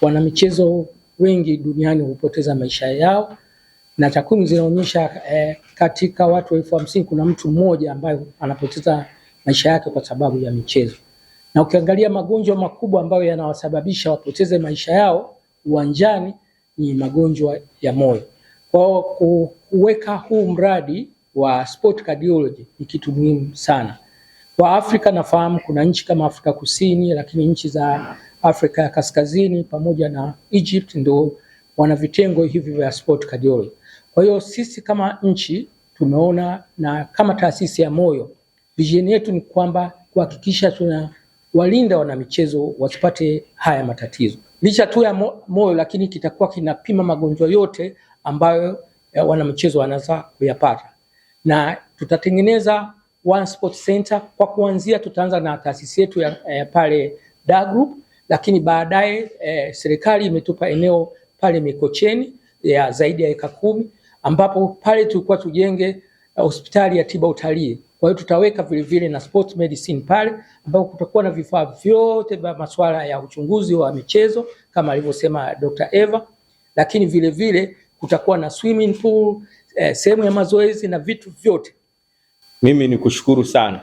Wanamichezo wengi duniani hupoteza maisha yao na takwimu zinaonyesha eh, katika watu elfu hamsini kuna mtu mmoja ambaye anapoteza maisha yake kwa sababu ya michezo. Na ukiangalia magonjwa makubwa ambayo yanawasababisha wapoteze maisha yao uwanjani ni magonjwa ya moyo. Kwa kuweka huu mradi wa sport cardiology ni kitu muhimu sana kwa Afrika. Nafahamu kuna nchi kama Afrika Kusini, lakini nchi za Afrika ya Kaskazini pamoja na Egypt ndio wana vitengo hivi vya sport cardiology. Kwa hiyo sisi kama nchi tumeona na kama taasisi ya moyo vision yetu ni kwamba kuhakikisha tuna walinda michezo wasipate haya matatizo licha tu ya moyo, lakini kitakuwa kinapima magonjwa yote ambayo eh, michezo wanaweza kuyapata, na tutatengeneza One Sport Center. Kwa kuanzia tutaanza na taasisi yetu ya, ya eh, pale Da Group lakini baadaye eh, serikali imetupa eneo pale Mikocheni ya zaidi ya eka kumi ambapo pale tulikuwa tujenge eh, hospitali ya tiba utalii. Kwa hiyo tutaweka vilevile na sports medicine pale ambapo kutakuwa na vifaa vyote vya masuala ya uchunguzi wa michezo kama alivyosema Dr. Eva, lakini vilevile vile, kutakuwa na swimming pool eh, sehemu ya mazoezi na vitu vyote. Mimi ni kushukuru sana,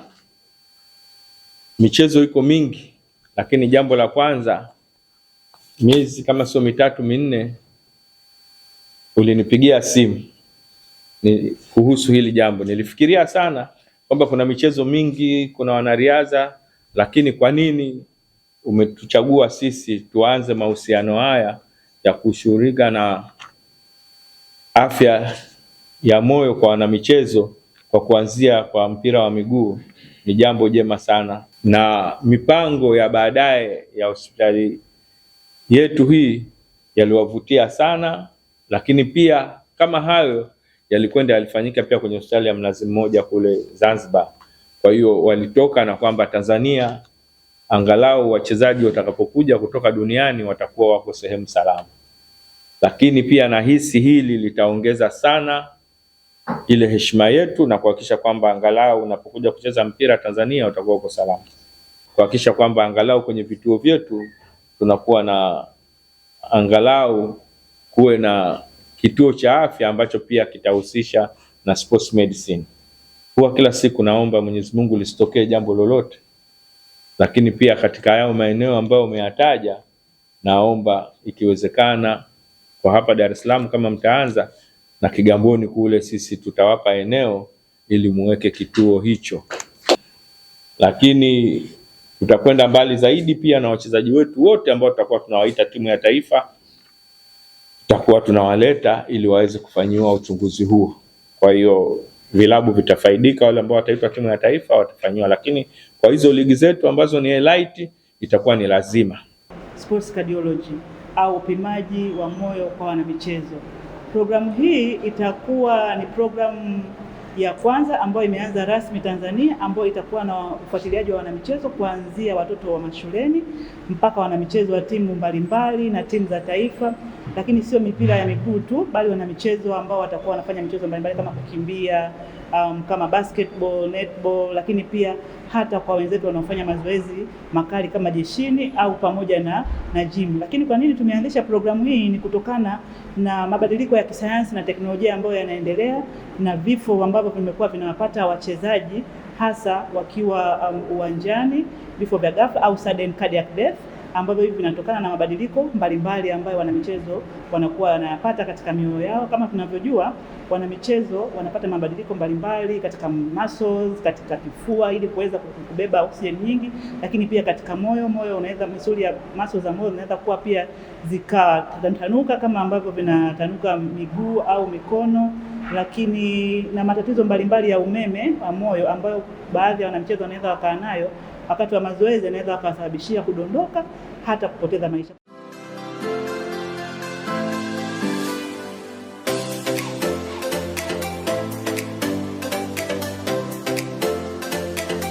michezo iko mingi lakini jambo la kwanza, miezi kama sio mitatu minne, ulinipigia simu ni kuhusu hili jambo. Nilifikiria sana kwamba kuna michezo mingi, kuna wanariadha, lakini kwa nini umetuchagua sisi tuanze mahusiano haya ya kushughulika na afya ya moyo kwa wanamichezo kwa kuanzia kwa mpira wa miguu? Ni jambo jema sana na mipango ya baadaye ya hospitali yetu hii yaliwavutia sana, lakini pia kama hayo yalikwenda yalifanyika pia kwenye hospitali ya Mnazi Mmoja kule Zanzibar. Kwa hiyo walitoka na kwamba Tanzania angalau wachezaji watakapokuja kutoka duniani watakuwa wako sehemu salama, lakini pia nahisi hili litaongeza sana ile heshima yetu na kuhakikisha kwamba angalau unapokuja kucheza mpira Tanzania utakuwa uko salama, kuhakikisha kwamba angalau kwenye vituo vyetu tunakuwa na angalau kuwe na kituo cha afya ambacho pia kitahusisha na sports medicine. Huwa kila siku naomba Mwenyezi Mungu lisitokee jambo lolote, lakini pia katika hayo maeneo ambayo umeyataja, naomba ikiwezekana, kwa hapa Dar es Salaam kama mtaanza na Kigamboni kule sisi tutawapa eneo ili muweke kituo hicho, lakini tutakwenda mbali zaidi pia na wachezaji wetu wote ambao tutakuwa tunawaita timu ya taifa, tutakuwa tunawaleta ili waweze kufanyiwa uchunguzi huo. Kwa hiyo vilabu vitafaidika, wale ambao wataitwa timu ya taifa watafanyiwa, lakini kwa hizo ligi zetu ambazo ni elite itakuwa ni lazima sports cardiology au upimaji wa moyo kwa wanamichezo. Programu hii itakuwa ni programu ya kwanza ambayo imeanza rasmi Tanzania, ambayo itakuwa na ufuatiliaji wa wanamichezo kuanzia watoto wa mashuleni mpaka wanamichezo wa timu mbalimbali na timu za taifa. Lakini sio mipira ya miguu tu, bali wanamichezo ambao watakuwa wanafanya michezo mbalimbali kama kukimbia, um, kama basketball, netball, lakini pia hata kwa wenzetu wanaofanya mazoezi makali kama jeshini au pamoja na, na gym. Lakini kwa nini tumeanzisha programu hii? Ni kutokana na mabadiliko ya kisayansi na teknolojia ambayo yanaendelea na vifo ambavyo vimekuwa vinawapata wachezaji hasa wakiwa um, uwanjani, vifo vya ghafla au sudden cardiac death ambavyo hivi vinatokana na mabadiliko mbalimbali ambayo wanamichezo wanakuwa wanayapata katika mioyo yao. Kama tunavyojua wanamichezo wanapata mabadiliko mbalimbali katika muscles, katika kifua ili kuweza kubeba oxygen nyingi, lakini pia katika moyo. Moyo unaweza misuli ya muscles za moyo zinaweza kuwa pia zikatanuka kama ambavyo vinatanuka miguu au mikono, lakini na matatizo mbalimbali ya umeme wa moyo ambayo baadhi ya wanamichezo wanaweza wakaa nayo wakati wa mazoezi, anaweza wakawasababishia kudondoka hata kupoteza maisha.